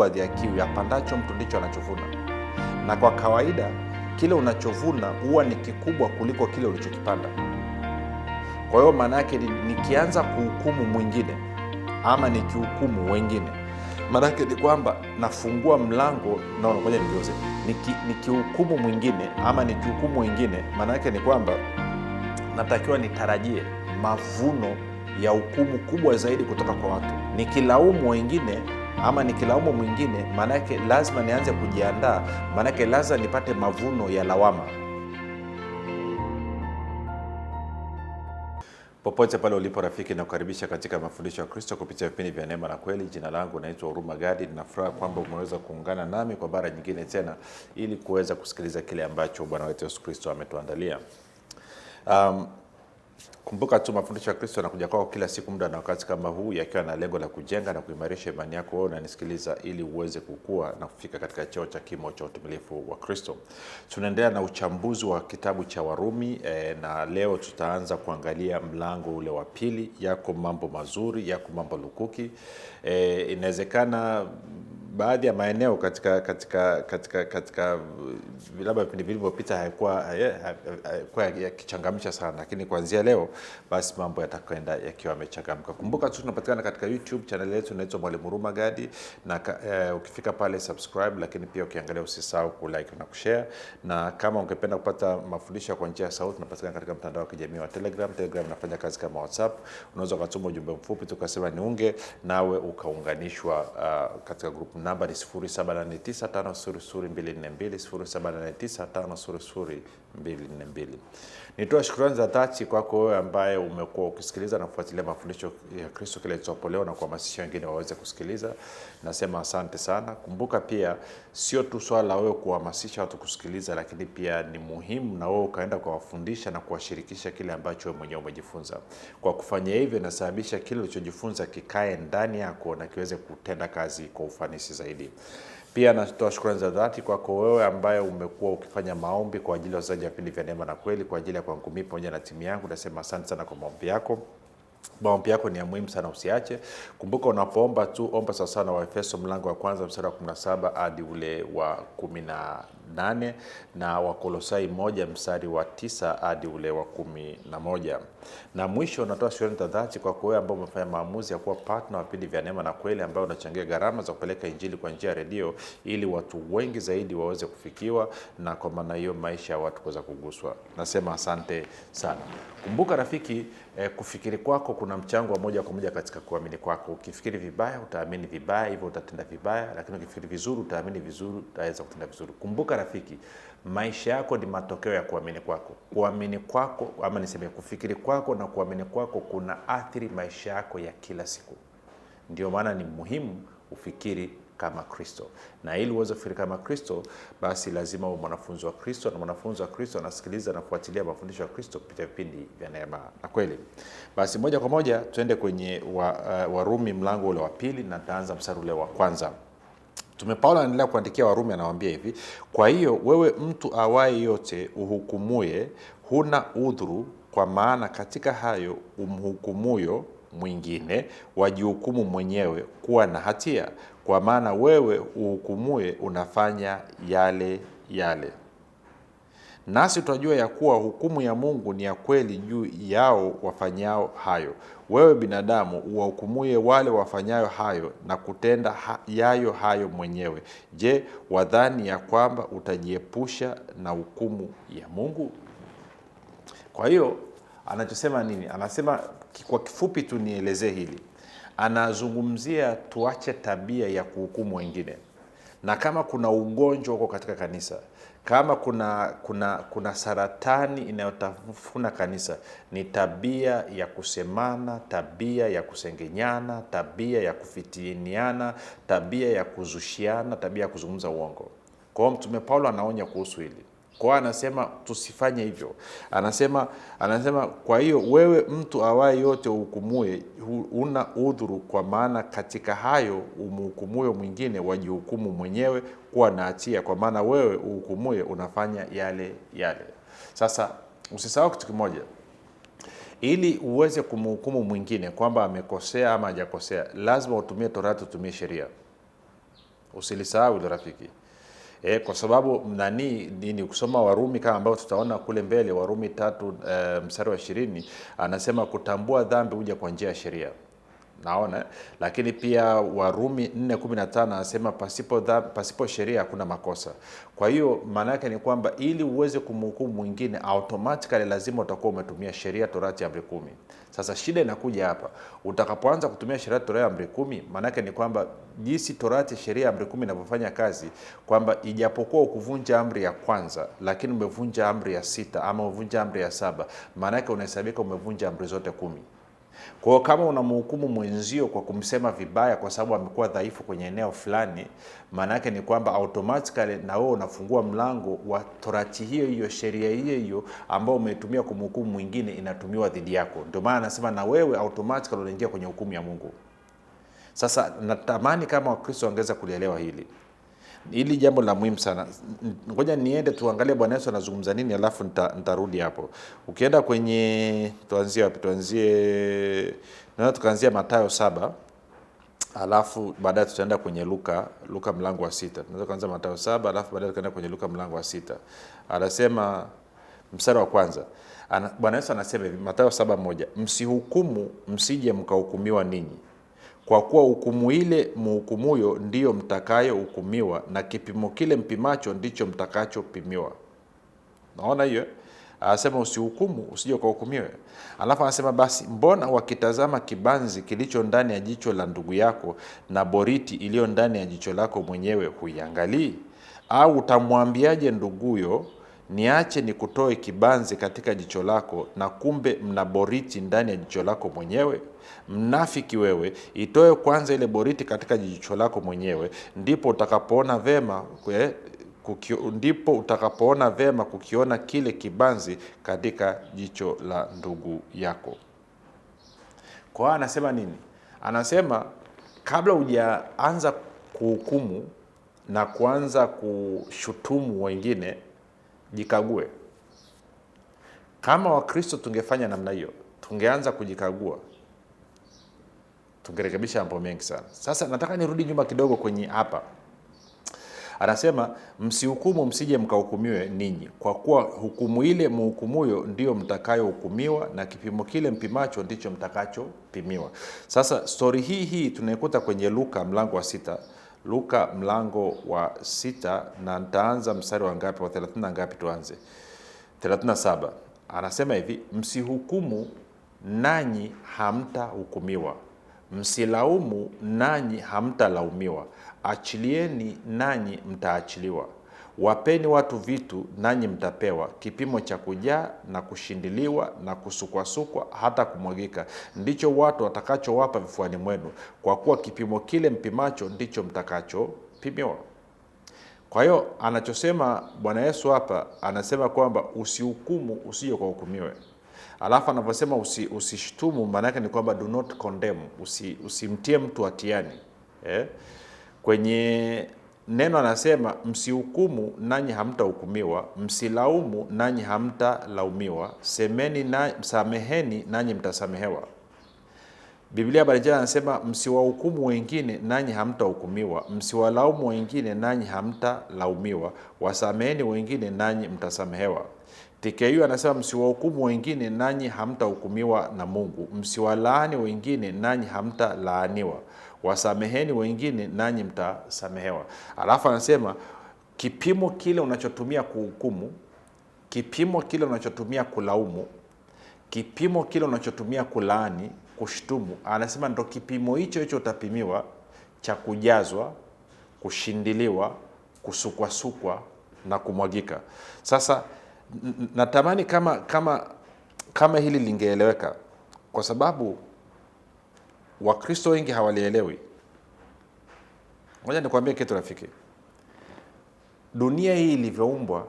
Mungu adhihakiwi, yapandacho mtu ndicho anachovuna. Na kwa kawaida kile unachovuna huwa ni kikubwa kuliko kile ulichokipanda. Kwa hiyo maana yake nikianza kuhukumu mwingine ama nikihukumu wengine, maana yake ni kwamba nafungua mlango no, no, ngoja nigeuze. Niki, mwingine ama nikihukumu wengine, maana yake ni kwamba natakiwa nitarajie mavuno ya hukumu kubwa zaidi kutoka kwa watu. Nikilaumu wengine ama nikilaumu mwingine, maanake lazima nianze kujiandaa, maanake lazima nipate mavuno ya lawama. Popote pale ulipo rafiki, na kukaribisha katika mafundisho ya Kristo kupitia vipindi vya neema na kweli. Jina langu naitwa Huruma Gadi. Ninafuraha kwamba umeweza kuungana nami kwa mara nyingine tena ili kuweza kusikiliza kile ambacho Bwana wetu Yesu Kristo ametuandalia. Um, Kumbuka tu mafundisho ya Kristo yanakuja kwako kila siku, muda na wakati kama huu, yakiwa na lengo la kujenga na kuimarisha imani yako wewe unanisikiliza, ili uweze kukua na kufika katika cheo cha kimo cha utumilifu wa Kristo. Tunaendelea na uchambuzi wa kitabu cha Warumi e, na leo tutaanza kuangalia mlango ule wa pili. Yako mambo mazuri, yako mambo lukuki. e, inawezekana baadhi ya maeneo katika katika katika katika uh, labda vipindi vilivyopita hayakuwa hayakuwa yakichangamsha sana, lakini kuanzia leo basi mambo yatakwenda yakiwa yamechangamka. Kumbuka tu tunapatikana katika YouTube channel yetu inaitwa Mwalimu Huruma Gadi, na uh, ukifika pale subscribe, lakini pia ukiangalia usisahau like na kushare, na kama ungependa kupata mafundisho kwa njia ya sauti tunapatikana katika mtandao wa kijamii wa Telegram. Telegram inafanya kazi kama WhatsApp, unaweza kutuma ujumbe mfupi tukasema niunge, nawe ukaunganishwa uh, katika grupu namba ni 0789500242, 0789500242. Nitoa shukrani za dhati kwako wewe ambaye umekuwa ukisikiliza na kufuatilia mafundisho ya Kristo kile kilichopo leo na kuhamasisha wengine waweze kusikiliza. Nasema asante sana. Kumbuka pia sio tu swala la wewe kuhamasisha watu kusikiliza, lakini pia ni muhimu na wewe ukaenda kuwafundisha na kuwashirikisha kile ambacho wewe mwenyewe umejifunza. Kwa kufanya hivyo, inasababisha kile ulichojifunza kikae ndani yako na kiweze kutenda kazi kwa ufanisi nafasi zaidi. Pia natoa shukrani za dhati kwako wewe ambaye umekuwa ukifanya maombi kwa ajili ya wazaji wa vipindi vya Neema na Kweli kwa ajili ya kwangu mimi pamoja na timu yangu. Nasema asante sana kwa maombi yako. Maombi yako ni ya muhimu sana, usiache. Kumbuka unapoomba tu omba sawasawa na Waefeso mlango wa kwanza mstari wa 17 hadi ule wa 18 na nane na Wakolosai moja mstari wa tisa hadi ule wa kumi na moja. Na mwisho unatoa shukrani za dhati kwako wewe ambao umefanya maamuzi ya kuwa partner wa vipindi vya Neema na Kweli, ambayo unachangia gharama za kupeleka Injili kwa njia ya redio ili watu wengi zaidi waweze kufikiwa, na kwa maana hiyo maisha ya watu kuweza kuguswa. Nasema asante sana. Kumbuka rafiki eh, kufikiri kwako kuna mchango wa moja kwa moja katika kuamini kwako. Ukifikiri vibaya utaamini vibaya, hivyo utatenda vibaya, lakini ukifikiri vizuri utaamini vizuri, utaweza kutenda vizuri. Kumbuka rafiki maisha yako ni matokeo ya kuamini kwako. Kuamini kwako ama niseme kufikiri kwako na kuamini kwako kuna athiri maisha yako ya kila siku. Ndio maana ni muhimu ufikiri kama Kristo, na ili uweze kufikiri kama Kristo, basi lazima uwe mwanafunzi wa Kristo, na mwanafunzi wa Kristo anasikiliza na kufuatilia mafundisho ya Kristo kupitia vipindi vya Neema na Kweli. Basi moja kwa moja tuende kwenye eh, Warumi wa mlango ule wa pili, na taanza msari ule wa kwanza. Mtume Paulo anaendelea kuandikia Warumi, anawaambia hivi: kwa hiyo wewe mtu awaye yote uhukumuye, huna udhuru, kwa maana katika hayo umhukumuyo mwingine wajihukumu mwenyewe kuwa na hatia, kwa maana wewe uhukumuye unafanya yale yale nasi tunajua ya kuwa hukumu ya Mungu ni ya kweli juu yao wafanyao hayo. Wewe binadamu, uwahukumuye wale wafanyayo hayo na kutenda ha yayo hayo mwenyewe. Je, wadhani ya kwamba utajiepusha na hukumu ya Mungu? Kwa hiyo anachosema nini? Anasema kwa kifupi tu nielezee hili, anazungumzia tuache tabia ya kuhukumu wengine, na kama kuna ugonjwa huko katika kanisa kama kuna, kuna, kuna saratani inayotafuna kanisa ni tabia ya kusemana, tabia ya kusengenyana, tabia ya kufitiniana, tabia ya kuzushiana, tabia ya kuzungumza uongo. Kwa hiyo Mtume Paulo anaonya kuhusu hili. Kwa anasema tusifanye hivyo, anasema anasema, kwa hiyo wewe mtu awaye yote uhukumue una udhuru, kwa maana katika hayo umhukumuyo mwingine wajihukumu mwenyewe kuwa na hatia, kwa maana wewe uhukumue unafanya yale yale. Sasa usisahau kitu kimoja, ili uweze kumhukumu mwingine kwamba amekosea ama hajakosea, lazima utumie Torati, utumie sheria, usilisahau hilo rafiki. E, kwa sababu nani ni kusoma Warumi kama ambao tutaona kule mbele Warumi tatu e, mstari wa ishirini anasema kutambua dhambi huja kwa njia ya sheria naona lakini pia Warumi 4:15 anasema pasipo, pasipo sheria hakuna makosa. Kwa hiyo maana yake ni kwamba ili uweze kumhukumu mwingine automatically lazima utakuwa umetumia sheria, torati, amri kumi. Sasa shida inakuja hapa, utakapoanza kutumia sheria, torati, amri kumi, maana yake ni kwamba jinsi torati, sheria, amri kumi inavyofanya kazi kwamba ijapokuwa ukuvunja amri ya kwanza, lakini umevunja amri ya sita ama umevunja amri ya saba, maana yake unahesabika umevunja amri zote kumi. Kwa hiyo kama unamhukumu mwenzio kwa kumsema vibaya kwa sababu amekuwa dhaifu kwenye eneo fulani, maana yake ni kwamba automatically na wewe unafungua mlango wa torati hiyo hiyo, sheria hiyo hiyo ambayo umetumia kumhukumu mwingine inatumiwa dhidi yako. Ndio maana anasema na wewe automatically unaingia kwenye hukumu ya Mungu. Sasa natamani kama Wakristo wangeweza kulielewa hili. Hili jambo la muhimu sana. Ngoja niende tuangalie Bwana Yesu anazungumza nini, alafu nitarudi hapo. Ukienda kwenye, tuanzie wapi? Tuanzie naona tukaanzia Mathayo saba alafu baadaye tutaenda kwenye Luka, Luka mlango wa sita. Tunaweza kuanza Mathayo saba alafu baadaye tukaenda kwenye Luka mlango wa sita. Anasema mstari wa kwanza Bwana Yesu anasema hivi, Mathayo saba moja, msihukumu msije mkahukumiwa ninyi kwa kuwa hukumu ile mhukumuyo ndiyo mtakayohukumiwa, na kipimo kile mpimacho ndicho mtakachopimiwa. Naona hiyo anasema usihukumu, usije ukahukumiwe. Alafu anasema basi, mbona wakitazama kibanzi kilicho ndani ya jicho la ndugu yako na boriti iliyo ndani ya jicho lako mwenyewe huiangalii? Au utamwambiaje nduguyo niache ni kutoe kibanzi katika jicho lako, na kumbe mna boriti ndani ya jicho lako mwenyewe? Mnafiki wewe, itoe kwanza ile boriti katika jicho lako mwenyewe, ndipo utakapoona vema kwe, eh, kukio, ndipo utakapoona vema kukiona kile kibanzi katika jicho la ndugu yako. Kwa hiyo anasema nini? Anasema kabla hujaanza kuhukumu na kuanza kushutumu wengine jikague. Kama Wakristo tungefanya namna hiyo, tungeanza kujikagua, tungerekebisha mambo mengi sana. Sasa nataka nirudi nyuma kidogo kwenye hapa Anasema msihukumu, msije mkahukumiwe ninyi, kwa kuwa hukumu ile mhukumuyo ndio mtakayohukumiwa, na kipimo kile mpimacho ndicho mtakachopimiwa. Sasa stori hii hii tunaikuta kwenye Luka mlango wa sita Luka mlango wa sita na nitaanza mstari wa ngapi, wa 30 na ngapi? Tuanze 37. Anasema hivi, msihukumu nanyi hamtahukumiwa, msilaumu nanyi hamtalaumiwa, achilieni nanyi mtaachiliwa Wapeni watu vitu, nanyi mtapewa; kipimo cha kujaa na kushindiliwa na kusukwasukwa hata kumwagika, ndicho watu watakachowapa vifuani mwenu, kwa kuwa kipimo kile mpimacho ndicho mtakachopimiwa. Kwa hiyo anachosema Bwana Yesu hapa, anasema kwamba usihukumu usije hukumiwe Alafu anavyosema usi, usishtumu, maana yake ni kwamba do not condemn, usimtie usi mtu hatiani eh? kwenye neno anasema msihukumu nanyi hamtahukumiwa, msilaumu nanyi hamtalaumiwa, semeni na, sameheni nanyi mtasamehewa. Biblia barijana anasema msiwahukumu wengine nanyi hamtahukumiwa, msiwalaumu wengine nanyi hamtalaumiwa, wasameheni wengine nanyi mtasamehewa. TKU anasema msiwahukumu wengine nanyi hamtahukumiwa na Mungu, msiwalaani wengine nanyi hamtalaaniwa wasameheni wengine nanyi mtasamehewa. Alafu anasema kipimo kile unachotumia kuhukumu, kipimo kile unachotumia kulaumu, kipimo kile unachotumia kulaani, kushtumu, anasema ndo kipimo hicho hicho utapimiwa cha kujazwa, kushindiliwa, kusukwasukwa na kumwagika. Sasa natamani kama kama kama hili lingeeleweka kwa sababu Wakristo wengi hawalielewi. Ngoja nikuambie kitu rafiki, dunia hii ilivyoumbwa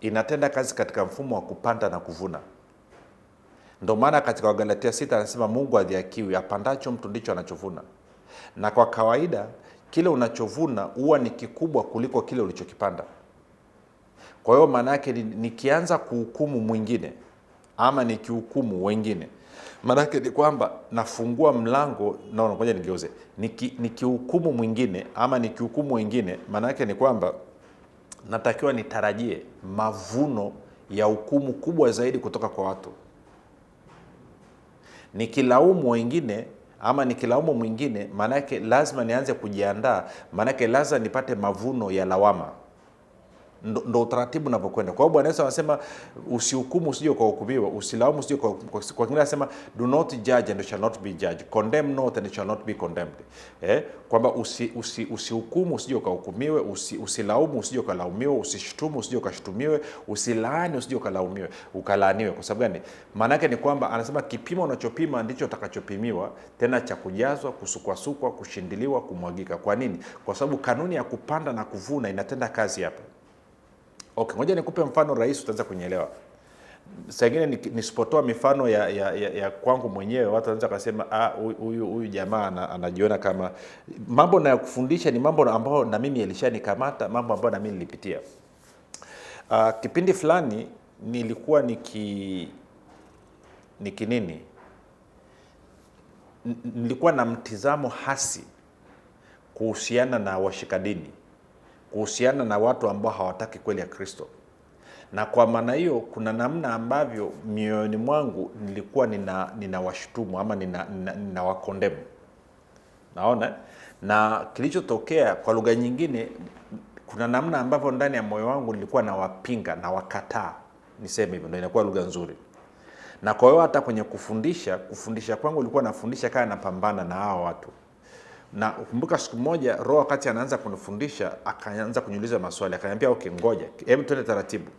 inatenda kazi katika mfumo wa kupanda na kuvuna. Ndo maana katika Wagalatia sita anasema Mungu adhiakiwi apandacho mtu ndicho anachovuna. Na kwa kawaida kile unachovuna huwa ni kikubwa kuliko kile ulichokipanda. Kwa hiyo maana yake nikianza kuhukumu mwingine ama nikihukumu wengine Maanake ni kwamba nafungua mlango naona, ngoja nigeuze, nikihukumu mwingine ama nikihukumu wengine, maanake ni kwamba natakiwa nitarajie mavuno ya hukumu kubwa zaidi kutoka kwa watu. Nikilaumu wengine ama nikilaumu mwingine, maanake lazima nianze kujiandaa, maanake lazima nipate mavuno ya lawama ndo, ndo utaratibu unavyokwenda. Kwa hiyo Bwana Yesu anasema usihukumu usije kwa ukahukumiwa, usilaumu usije kwa kwa kingine anasema do not judge and shall not be judged, condemn not and shall not be condemned. Eh, kwamba usihukumu usi, usi usije hukumiwe, usi, usilaumu usije kwa laumiwe, usishtumu usije kwa ukashutumiwe, usilaani usije kwa laumiwe, ukalaaniwe. Kwa sababu gani? Maana yake ni kwamba anasema kipimo unachopima ndicho utakachopimiwa, tena cha kujazwa, kusukwasukwa, kushindiliwa, kumwagika. Kwa nini? Kwa sababu kanuni ya kupanda na kuvuna inatenda kazi hapa. Okay, ngoja nikupe mfano rahisi utaanza kunielewa. Saa ingine nisipotoa mifano ya, ya, ya, ya kwangu mwenyewe watu wanaanza kusema ah, huyu huyu jamaa anajiona kama mambo nayokufundisha ni mambo ambayo na mimi yalishanikamata, mambo ambayo na mimi nilipitia. Uh, ah, kipindi fulani nilikuwa niki niki nini, nilikuwa na mtizamo hasi kuhusiana na washikadini kuhusiana na watu ambao hawataki kweli ya Kristo. Na kwa maana hiyo, kuna namna ambavyo mioyoni mwangu nilikuwa nina ninawashutumu ama nina, nina, nina naona na kilichotokea kwa lugha nyingine, kuna namna ambavyo ndani ya moyo wangu nilikuwa nawapinga na wakataa, niseme hivyo, ndio inakuwa lugha nzuri. Na kwa hiyo hata kwenye kufundisha, kufundisha kwangu nilikuwa nafundisha kama napambana na hao watu na ukumbuka, siku moja Roho wakati anaanza kunifundisha akaanza kuniuliza maswali, akaniambia okay, ngoja hebu tuende taratibu.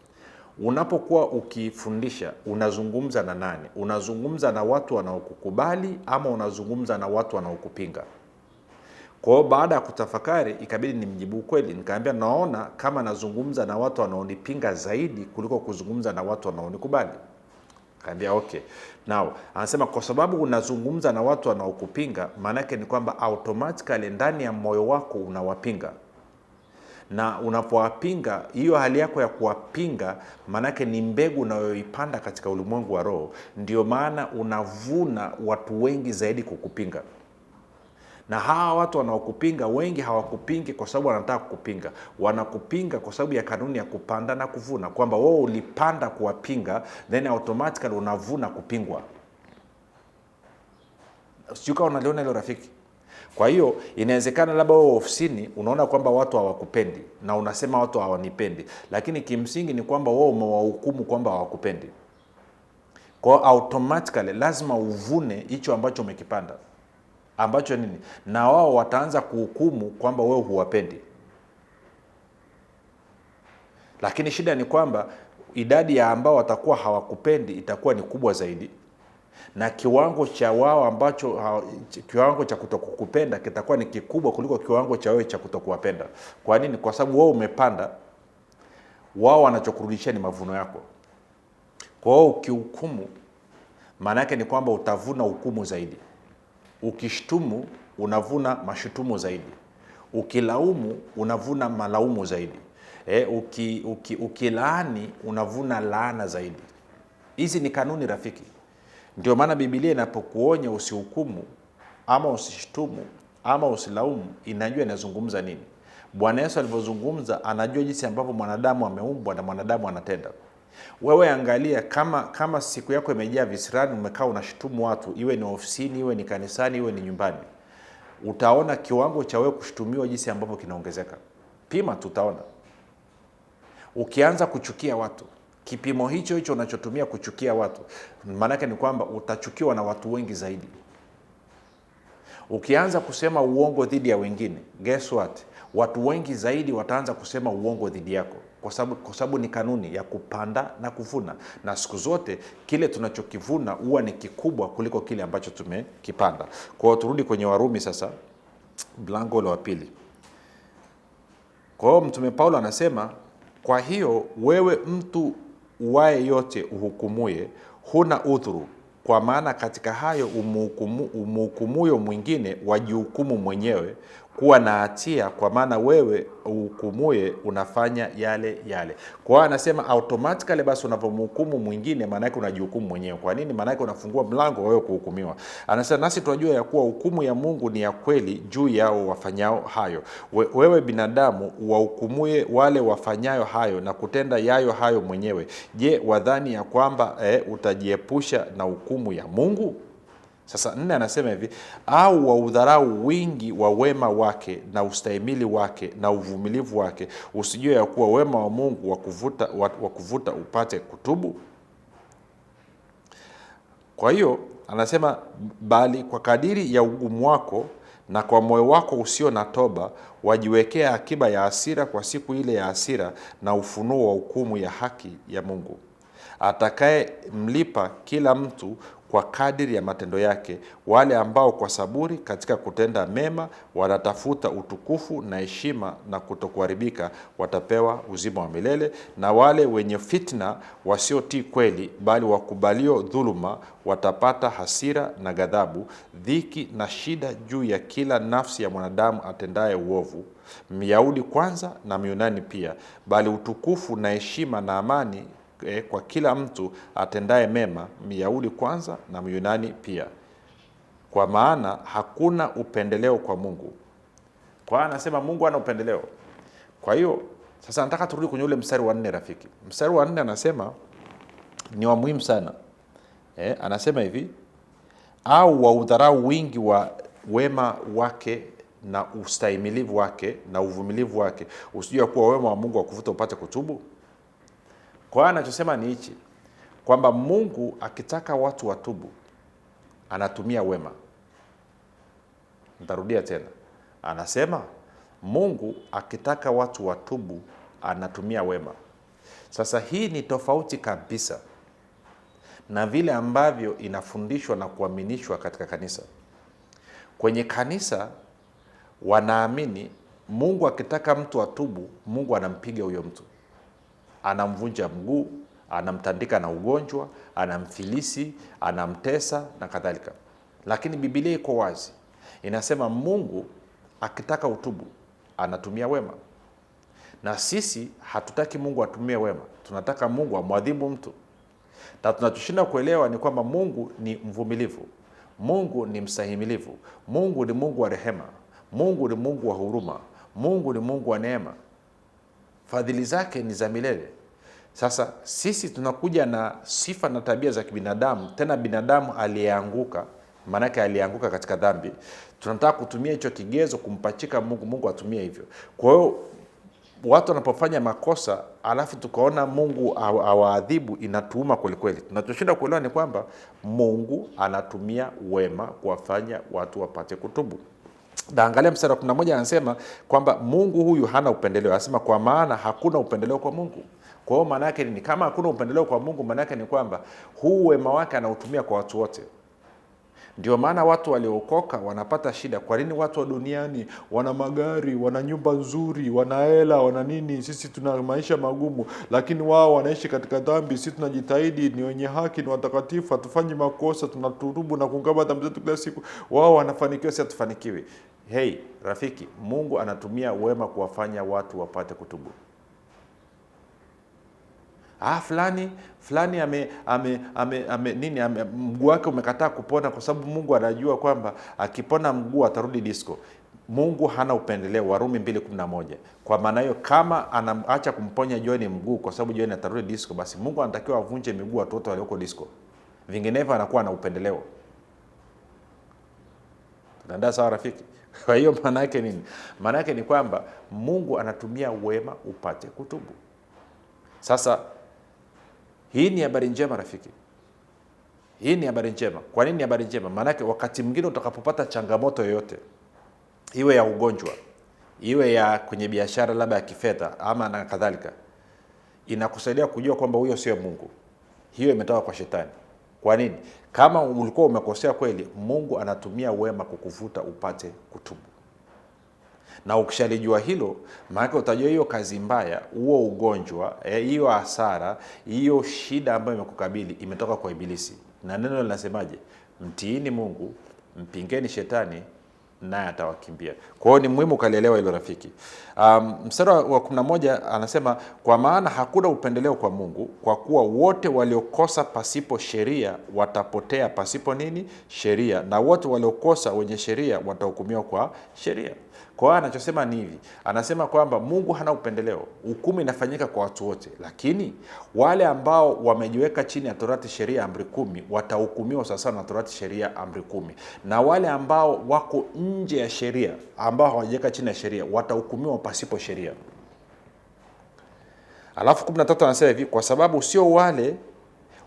Unapokuwa ukifundisha unazungumza na nani? Unazungumza na watu wanaokukubali ama unazungumza na watu wanaokupinga? Kwa hiyo baada ya kutafakari, ikabidi nimjibu kweli, nikaambia naona kama nazungumza na watu wanaonipinga zaidi kuliko kuzungumza na watu wanaonikubali. Kaambia okay. Now anasema kwa sababu unazungumza na watu wanaokupinga, maanake ni kwamba automatically ndani ya moyo wako unawapinga, na unapowapinga, hiyo hali yako ya kuwapinga, maanake ni mbegu unayoipanda katika ulimwengu wa roho. Ndio maana unavuna watu wengi zaidi kukupinga na hawa watu wanaokupinga wengi hawakupingi kwa sababu wanataka kukupinga, wanakupinga kwa sababu ya kanuni ya kupanda na kuvuna, kwamba wewe ulipanda kuwapinga, then automatically unavuna kupingwa. Sijui kama unaliona hilo rafiki. Kwa hiyo inawezekana labda wewe ofisini unaona kwamba watu hawakupendi na unasema watu hawanipendi, lakini kimsingi ni kwamba wewe umewahukumu kwamba hawakupendi. Kwa automatically lazima uvune hicho ambacho umekipanda ambacho nini, na wao wataanza kuhukumu kwamba wewe huwapendi. Lakini shida ni kwamba idadi ya ambao watakuwa hawakupendi itakuwa ni kubwa zaidi, na kiwango cha wao ambacho kiwango cha kutokukupenda kitakuwa ni kikubwa kuliko kiwango cha wewe cha kutokuwapenda. Kwa nini? Kwa sababu wewe umepanda, wao wanachokurudishia ni mavuno yako. Kwa hiyo ukihukumu, maana yake ni kwamba utavuna hukumu zaidi. Ukishtumu unavuna mashutumu zaidi, ukilaumu unavuna malaumu zaidi, e, uki, uki, ukilaani unavuna laana zaidi. Hizi ni kanuni rafiki. Ndio maana Biblia inapokuonya usihukumu ama usishtumu ama usilaumu, inajua inazungumza nini. Bwana Yesu alivyozungumza, anajua jinsi ambavyo mwanadamu ameumbwa na mwanadamu anatenda. Wewe angalia kama kama siku yako imejaa visirani, umekaa unashutumu watu, iwe ni ofisini, iwe ni kanisani, iwe ni nyumbani, utaona kiwango cha wewe kushutumiwa jinsi ambavyo kinaongezeka. Pima tutaona. Ukianza kuchukia watu, kipimo hicho hicho unachotumia kuchukia watu, maanake ni kwamba utachukiwa na watu wengi zaidi. Ukianza kusema uongo dhidi ya wengine, guess what, watu wengi zaidi wataanza kusema uongo dhidi yako kwa sababu kwa sababu ni kanuni ya kupanda na kuvuna, na siku zote kile tunachokivuna huwa ni kikubwa kuliko kile ambacho tumekipanda. Kwa hiyo turudi kwenye Warumi sasa, mlango wa pili. Kwa hiyo Mtume Paulo anasema, kwa hiyo wewe mtu uwaye yote uhukumuye, huna udhuru, kwa maana katika hayo umuhukumuyo mwingine wajihukumu mwenyewe, kuwa na hatia, kwa maana wewe uhukumuye unafanya yale yale. Kwa hiyo anasema automatically, basi unavyomhukumu mwingine, maana yake unajihukumu mwenyewe. Kwa nini? Maana yake unafungua mlango wewe kuhukumiwa. Anasema nasi tunajua ya kuwa hukumu ya Mungu ni ya kweli juu yao wafanyao hayo. We, wewe binadamu wahukumuye wale wafanyayo hayo na kutenda yayo hayo mwenyewe, je, wadhani ya kwamba eh, utajiepusha na hukumu ya Mungu? Sasa nne anasema hivi, au wa udharau wingi wa wema wake na ustahimili wake na uvumilivu wake, usijue ya kuwa wema wa Mungu wakuvuta, kuvuta upate kutubu. Kwa hiyo anasema bali kwa kadiri ya ugumu wako na kwa moyo wako usio na toba wajiwekea akiba ya asira kwa siku ile ya asira na ufunuo wa hukumu ya haki ya Mungu, atakaye mlipa kila mtu kwa kadiri ya matendo yake, wale ambao kwa saburi katika kutenda mema wanatafuta utukufu na heshima na kutokuharibika watapewa uzima wa milele, na wale wenye fitna wasiotii kweli, bali wakubalio dhuluma watapata hasira na ghadhabu, dhiki na shida juu ya kila nafsi ya mwanadamu atendaye uovu, Myahudi kwanza na Myunani pia, bali utukufu na heshima na amani eh, kwa kila mtu atendaye mema, Myahudi kwanza na Myunani pia, kwa maana hakuna upendeleo kwa Mungu. Kwa anasema Mungu ana upendeleo. Kwa hiyo sasa nataka turudi kwenye ule mstari wa nne, rafiki. Mstari wa nne anasema ni wa muhimu sana eh, anasema hivi au waudharau wingi wa wema wake na ustahimilivu wake na uvumilivu wake, usijua kuwa wema wa Mungu kuvuta upate kutubu. Kwa hiyo anachosema ni hichi kwamba Mungu akitaka watu watubu anatumia wema. Nitarudia tena, anasema Mungu akitaka watu watubu anatumia wema. Sasa hii ni tofauti kabisa na vile ambavyo inafundishwa na kuaminishwa katika kanisa. Kwenye kanisa wanaamini Mungu akitaka mtu atubu, Mungu anampiga huyo mtu anamvunja mguu, anamtandika na ugonjwa, anamfilisi, anamtesa na kadhalika. Lakini Biblia iko wazi, inasema Mungu akitaka utubu anatumia wema, na sisi hatutaki Mungu atumie wema, tunataka Mungu amwadhibu mtu, na tunachoshinda kuelewa ni kwamba Mungu ni mvumilivu, Mungu ni msahimilivu Mungu ni Mungu wa rehema, Mungu ni Mungu wa huruma, Mungu ni Mungu wa neema, fadhili zake ni za milele. Sasa sisi tunakuja na sifa na tabia za kibinadamu, tena binadamu aliyeanguka, maanake aliyeanguka katika dhambi. Tunataka kutumia hicho kigezo kumpachika Mungu, Mungu atumie hivyo. Kwa hiyo watu wanapofanya makosa alafu tukaona Mungu awaadhibu, inatuuma kwelikweli. Tunachoshinda kuelewa ni kwamba Mungu anatumia wema kuwafanya watu wapate kutubu. Na angalia mstari wa moja, anasema kwamba Mungu huyu hana upendeleo, anasema kwa maana hakuna upendeleo kwa Mungu. Kwa hiyo maana yake ni kama hakuna upendeleo kwa Mungu, maana yake ni kwamba huu wema wake anautumia kwa watu wote. Ndio maana watu waliokoka wanapata shida. Kwa nini watu wa duniani wana magari, wana nyumba nzuri, wana hela, wana nini? Sisi tuna maisha magumu, lakini wao wanaishi katika dhambi. Sisi tunajitahidi, ni wenye haki, ni watakatifu, hatufanyi makosa, tunaturubu na kungama dhambi zetu kila siku. Wao wanafanikiwa, si hatufanikiwi. Hei rafiki, Mungu anatumia wema kuwafanya watu wapate kutubu ah, fulani fulani ame, ame, ame, ame, nini ame, mguu wake umekataa kupona, kwa sababu Mungu anajua kwamba akipona mguu atarudi disco. Mungu hana upendeleo, Warumi 2:11. Kwa maana hiyo, kama anaacha kumponya Joni mguu kwa sababu Joni atarudi disco, basi Mungu anatakiwa avunje miguu watoto walioko disco, vinginevyo anakuwa na upendeleo. Tunaenda sawa, rafiki? Kwa hiyo maana yake nini? Maana yake ni kwamba Mungu anatumia wema upate kutubu. Sasa hii ni habari njema rafiki, hii ni habari njema. Kwa nini ni habari njema? Maanake wakati mwingine utakapopata changamoto yoyote, iwe ya ugonjwa, iwe ya kwenye biashara, labda ya kifedha ama na kadhalika, inakusaidia kujua kwamba huyo sio Mungu, hiyo imetoka kwa Shetani. Kwa nini? Kama ulikuwa umekosea kweli, Mungu anatumia wema kukuvuta upate kutubu na ukishalijua hilo, maanake utajua hiyo kazi mbaya, huo ugonjwa, eh, hiyo hasara, hiyo shida ambayo imekukabili imetoka kwa Ibilisi. Na neno linasemaje? Mtiini Mungu, mpingeni shetani naye atawakimbia. Kwa hiyo ni muhimu ukalielewa hilo rafiki. Um, mstari wa kumi na moja anasema kwa maana hakuna upendeleo kwa Mungu, kwa kuwa wote waliokosa pasipo sheria watapotea pasipo nini? Sheria, na wote waliokosa wenye sheria watahukumiwa kwa sheria. Kwa hiyo anachosema ni hivi, anasema kwamba Mungu hana upendeleo, hukumu inafanyika kwa watu wote, lakini wale ambao wamejiweka chini ya Torati, sheria, amri kumi watahukumiwa sawasawa na Torati, sheria, amri kumi, na wale ambao wako nje ya sheria, ambao hawajiweka chini ya sheria watahukumiwa pasipo sheria. Alafu 13 anasema hivi, kwa sababu sio wale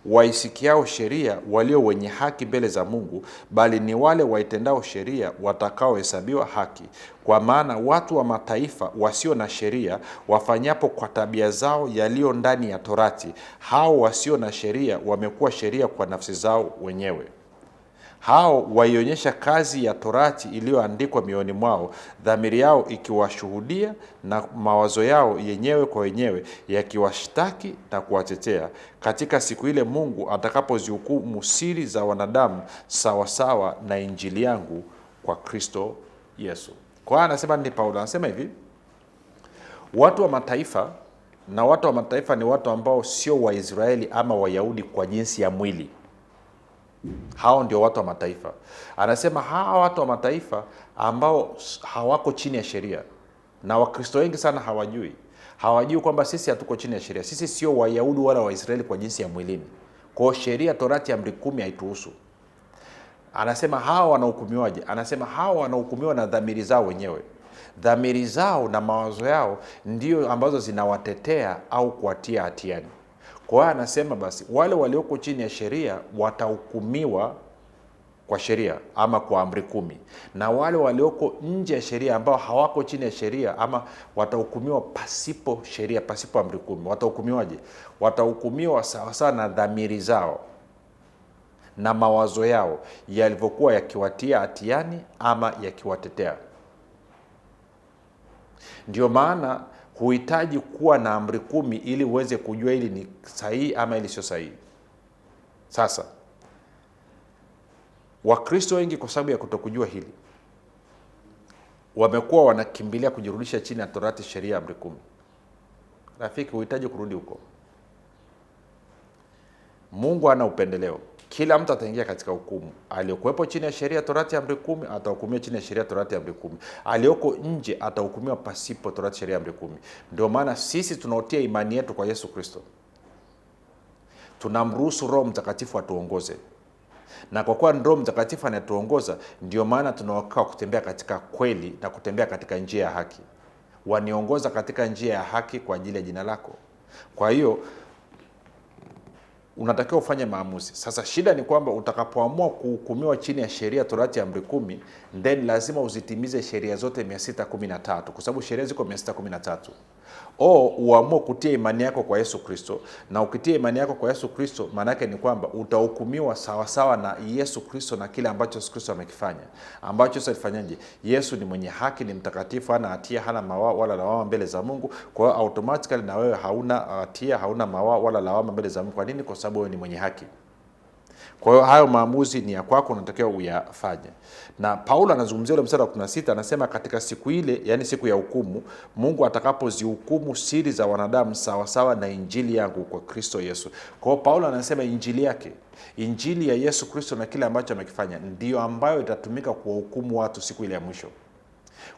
waisikiao sheria walio wenye haki mbele za Mungu, bali ni wale waitendao sheria watakaohesabiwa haki. Kwa maana watu wa mataifa wasio na sheria wafanyapo kwa tabia zao yaliyo ndani ya Torati, hao wasio na sheria wamekuwa sheria kwa nafsi zao wenyewe hao waionyesha kazi ya torati iliyoandikwa mioyoni mwao, dhamiri yao ikiwashuhudia na mawazo yao yenyewe kwa wenyewe yakiwashtaki na kuwatetea katika siku ile Mungu atakapozihukumu siri za wanadamu sawasawa na injili yangu kwa Kristo Yesu. Kwa hiyo anasema ni Paulo anasema hivi, watu wa mataifa na watu wa mataifa ni watu ambao sio Waisraeli ama Wayahudi kwa jinsi ya mwili hao ndio watu wa mataifa. Anasema hawa watu wa mataifa ambao hawako chini ya sheria, na Wakristo wengi sana hawajui, hawajui kwamba sisi hatuko chini ya sheria. Sisi sio Wayahudi wala Waisraeli kwa jinsi ya mwilini, kwao sheria, Torati, amri kumi haituhusu. Anasema hawa wanahukumiwaje? Anasema hawa wanahukumiwa na dhamiri zao wenyewe. Dhamiri zao na mawazo yao ndio ambazo zinawatetea au kuwatia hatiani. Kwa hiyo anasema basi wale walioko chini ya sheria watahukumiwa kwa sheria ama kwa amri kumi, na wale walioko nje ya sheria ambao hawako chini ya sheria ama watahukumiwa pasipo sheria, pasipo amri kumi. Watahukumiwaje? Watahukumiwa sawasawa na dhamiri zao na mawazo yao yalivyokuwa yakiwatia hatiani ama yakiwatetea. Ndio maana huhitaji kuwa na amri kumi ili uweze kujua hili ni sahihi ama hili sio sahihi. Sasa Wakristo wengi kwa sababu ya kutokujua hili wamekuwa wanakimbilia kujirudisha chini ya Torati, sheria ya amri kumi. Rafiki, huhitaji kurudi huko. Mungu ana upendeleo. Kila mtu ataingia katika hukumu. Aliyokuwepo chini ya sheria torati amri kumi atahukumiwa chini ya sheria torati amri kumi, aliyoko nje atahukumiwa pasipo torati sheria amri kumi. Ndio maana sisi tunaotia imani yetu kwa Yesu Kristo tunamruhusu Roho Mtakatifu atuongoze, na kwa kuwa Roho Mtakatifu anatuongoza, ndio maana tunaokaa kutembea katika kweli na kutembea katika njia ya haki. Waniongoza katika njia ya haki kwa ajili ya jina lako. Kwa hiyo unatakiwa ufanye maamuzi. Sasa shida ni kwamba utakapoamua kuhukumiwa chini ya sheria, torati ya amri kumi, then lazima uzitimize sheria zote 613 kwa sababu sheria ziko 613 o uamue kutia imani yako kwa Yesu Kristo, na ukitia imani yako kwa Yesu Kristo maana ni kwamba utahukumiwa sawasawa na Yesu Kristo na kile ambacho Yesu Kristo amekifanya, ambacho sasa alifanyaje? Yesu ni mwenye haki, ni mtakatifu, ana hatia, hana mawaa wala lawama mbele za Mungu. Kwa hiyo automatically na wewe hauna uh, hatia, hauna mawaa wala lawama mbele za Mungu. Kwa nini? Kwa sababu wewe ni mwenye haki. Kwa hiyo hayo maamuzi ni ya kwako, unatakiwa uyafanye. Na Paulo anazungumzia ule mstari wa 16 anasema, katika siku ile, yani siku ya hukumu, Mungu atakapozihukumu siri za wanadamu sawasawa na injili yangu kwa Kristo Yesu. Kwa hiyo Paulo anasema injili yake, injili ya Yesu Kristo na kile ambacho amekifanya ndiyo ambayo itatumika kuwahukumu watu siku ile ya mwisho.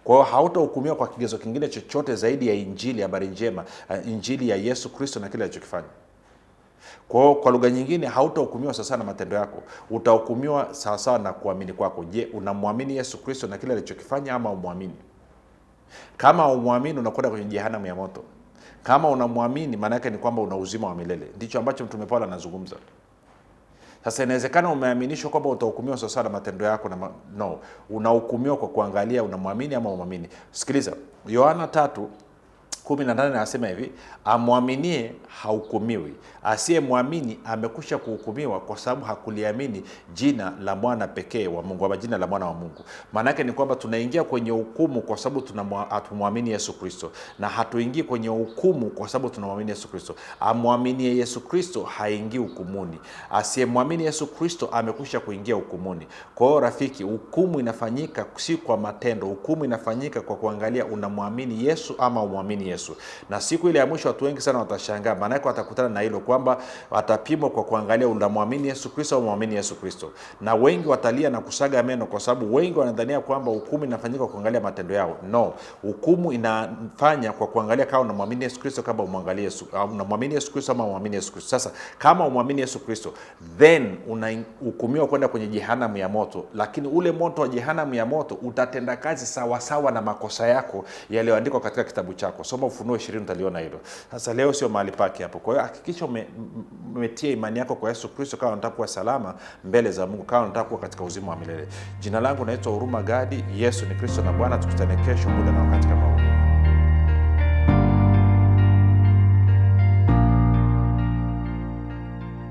Kwa hiyo hautahukumiwa kwa kigezo kingine chochote zaidi ya injili, habari njema, eh, injili ya Yesu Kristo na kile alichokifanya. Kwa hiyo kwa lugha nyingine, hautahukumiwa sawasawa na matendo yako, utahukumiwa sawasawa na kuamini kwako. Je, unamwamini Yesu Kristo na kile alichokifanya ama umwamini? Kama umwamini, unakwenda kwenye jehanamu ya moto. Kama unamwamini, maana yake ni kwamba una uzima wa milele. Ndicho ambacho Mtume Paulo anazungumza. Sasa inawezekana umeaminishwa kwamba utahukumiwa sawasawa na matendo yako na ma... no, unahukumiwa kwa kuangalia unamwamini ama umwamini. Sikiliza Yohana tatu nane anasema hivi, amwaminie hahukumiwi, asiyemwamini amekwisha kuhukumiwa, kwa sababu hakuliamini jina la mwana pekee wa Mungu ama jina la mwana wa Mungu. Maana yake ni kwamba tunaingia kwenye hukumu kwa sababu hatumwamini Yesu Kristo, na hatuingii kwenye hukumu kwa sababu tunamwamini Yesu Kristo. Amwaminie Yesu Kristo haingii hukumuni, asiyemwamini Yesu Kristo amekwisha kuingia hukumuni. Kwa hiyo rafiki, hukumu inafanyika si kwa matendo, hukumu inafanyika kwa kuangalia unamwamini Yesu ama umwamini Yesu. Na siku ile ya mwisho watu wengi sana watashangaa, yake watakutana na hilo kwamba watapimwa kwa kuangalia unamwamini Yesu Kristo au mwamini Yesu Kristo, na wengi watalia na kusaga meno, kwa sababu wengi wanadhania kwamba hukumu inafanyika kwa kuangalia matendo yao. No, hukumu inafanya kwa kuangalia kama unamwamini Yesu Kristo, kama umwangalie Yesu, unamwamini Yesu Kristo ama umwamini Yesu Kristo. Sasa kama umwamini Yesu Kristo, then unahukumiwa kwenda kwenye jehanamu ya moto, lakini ule moto wa jehanamu ya moto utatenda kazi sawasawa na makosa yako yaliyoandikwa katika kitabu chako. So, ukisoma Ufunuo ishirini utaliona hilo. Sasa leo sio mahali pake hapo. Kwa hiyo hakikisha umetia imani yako kwa Yesu Kristo kama unataka kuwa salama mbele za Mungu, kama unataka kuwa katika uzima wa milele. Jina langu naitwa Huruma Gadi. Yesu ni Kristo na Bwana. Tukutane kesho muda na wakati kama